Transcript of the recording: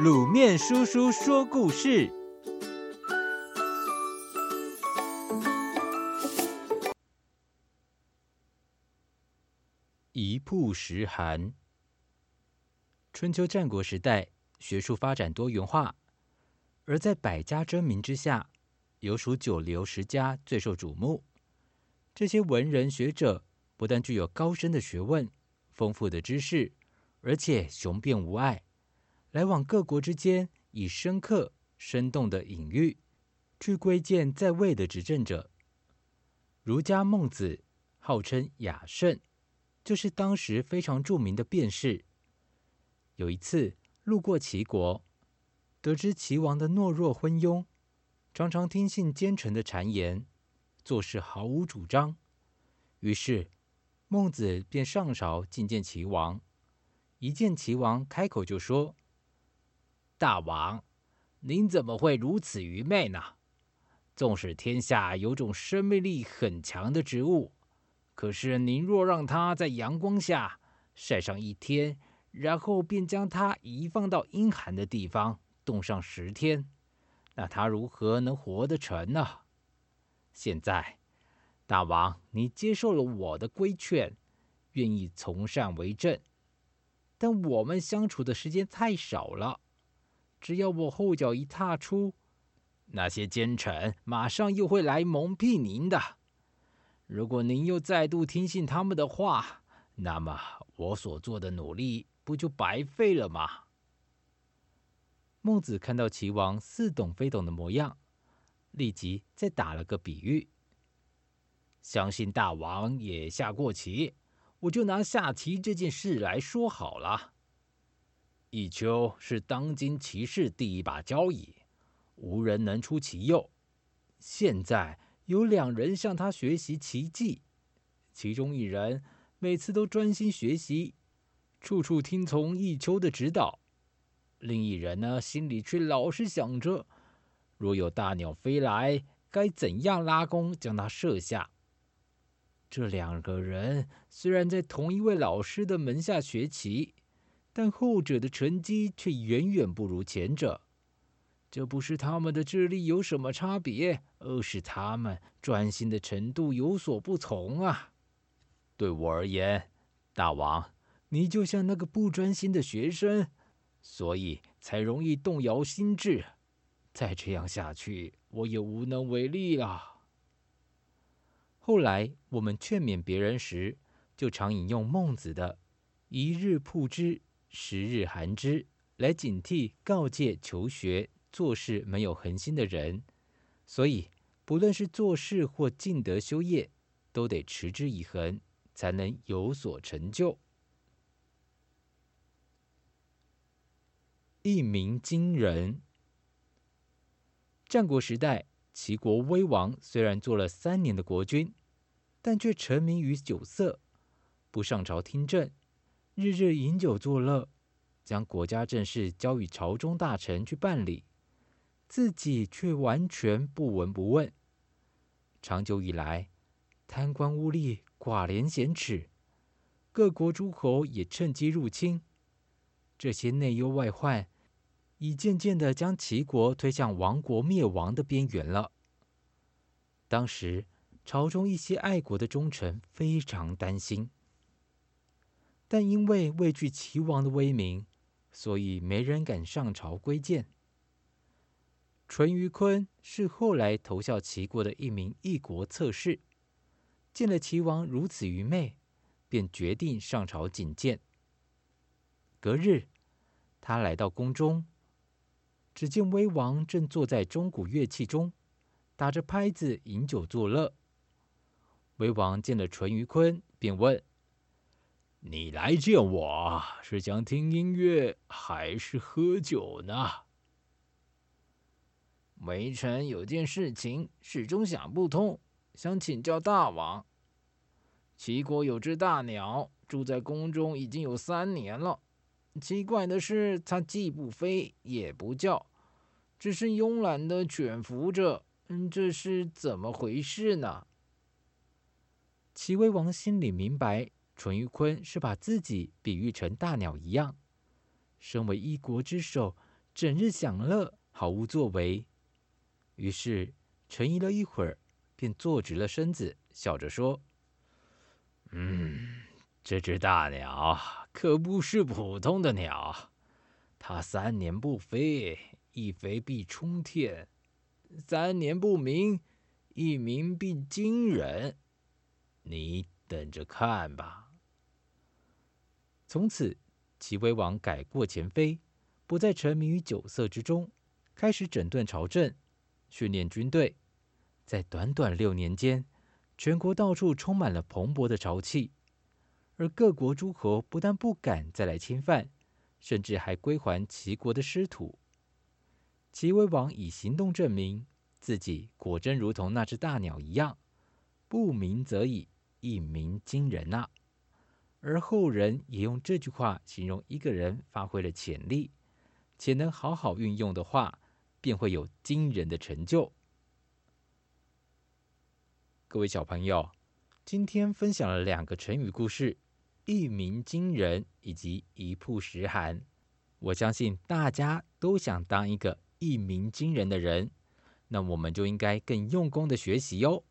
魯面叔叔說故事：一曝十寒。春秋戰國時代，學術發展多元化，而在百家爭鳴之下，有數九流十家最受矚目。這些文人學者不但具有高深的學問、豐富的知識，而且雄辯無礙。來往各國之間，以深刻生動的隱喻，去規諫在位的執政者。儒家孟子號稱“亞聖”，就是當時非常著名的辯士。有一次路過齊國，得知齊王的懦弱昏庸，常常聽信奸臣的讒言，做事毫無主張。於是孟子便上朝覲見齊王，一見齊王，開口就說。大王，您怎麼會如此愚昧呢？縱使天下有種生命力很強的植物，可是您若讓它在陽光下曬上一天，然後便將它移放到陰寒的地方凍上十天，那它如何能活得成呢？現在，大王，你接受了我的規勸，願意從善為政，但我們相處的時間太少了。只要我後腳一踏出，那些奸臣馬上又會來蒙蔽您的。如果您又再度聽信他們的話，那麼我所做的努力不就白費了嗎？孟子看到齊王似懂非懂的模樣，立即再打了個比喻。相信大王也下過棋，我就拿下棋這件事來說好了。弈秋是當今棋士第一把交椅，無人能出其右。現在有兩人向他學習棋技，其中一人每次都專心學習，處處聽從弈秋的指導；另一人呢，心裡卻老是想着，若有大鳥飛來，該怎樣拉弓將它射下。這兩個人雖然在同一位老師的門下學棋。但後者的成績卻遠遠不如前者，這不是他們的智力有什麼差別，而是他們專心的程度有所不同啊！對我而言，大王，你就像那個不專心的學生，所以才容易動搖心智。再這樣下去，我也無能為力了。後來我們勸勉別人時，就常引用孟子的“一日曝之”。十日寒之，來警惕告誡求學做事沒有恆心的人。所以，不論是做事或進德修業，都得持之以恆，才能有所成就。一鳴驚人。戰國時代，齊國威王雖然做了三年的國君，但卻沉迷於酒色，不上朝聽政。日日飲酒作樂，將國家政事交與朝中大臣去辦理，自己卻完全不聞不問。長久以來，貪官污吏、寡廉鮮恥，各國諸侯也趁機入侵。這些內憂外患，已漸漸地將齊國推向亡國滅亡的邊緣了。當時，朝中一些愛國的忠臣非常擔心。但因為畏懼齊王的威名，所以沒人敢上朝規諫。淳於髡是後來投效齊國的一名異國策士，見了齊王如此愚昧，便決定上朝覲見。隔日，他來到宮中，只見威王正坐在鐘鼓樂器中，打着拍子飲酒作樂。威王見了淳於髡，便問。你來見我是想聽音樂還是喝酒呢？微臣有件事情始終想不通，想請教大王。齊國有隻大鳥，住在宮中已經有三年了。奇怪的是，它既不飛也不叫，只是慵懶的蜷伏着。嗯，這是怎麼回事呢？齊威王心裡明白。淳於髡是把自己比喻成大鳥一樣，身為一國之首，整日享樂，毫無作為。於是沉吟了一會兒，便坐直了身子，笑着說：“嗯，這只大鳥可不是普通的鳥，它三年不飛，一飛必沖天；三年不鳴，一鳴必驚人。你。”等着看吧。從此，齊威王改過前非，不再沉迷於酒色之中，開始整頓朝政，訓練軍隊。在短短六年間，全國到處充滿了蓬勃的朝氣，而各國諸侯不但不敢再來侵犯，甚至還歸還齊國的失土。齊威王以行動證明自己果真如同那隻大鳥一樣，不鳴則已。一鳴驚人吶、啊，而後人也用這句話形容一個人發揮了潛力，且能好好運用的話，便會有驚人的成就。各位小朋友，今天分享了兩個成語故事：一鳴驚人以及一曝十寒。我相信大家都想當一個一鳴驚人的人，那我們就應該更用功的學習喲、哦。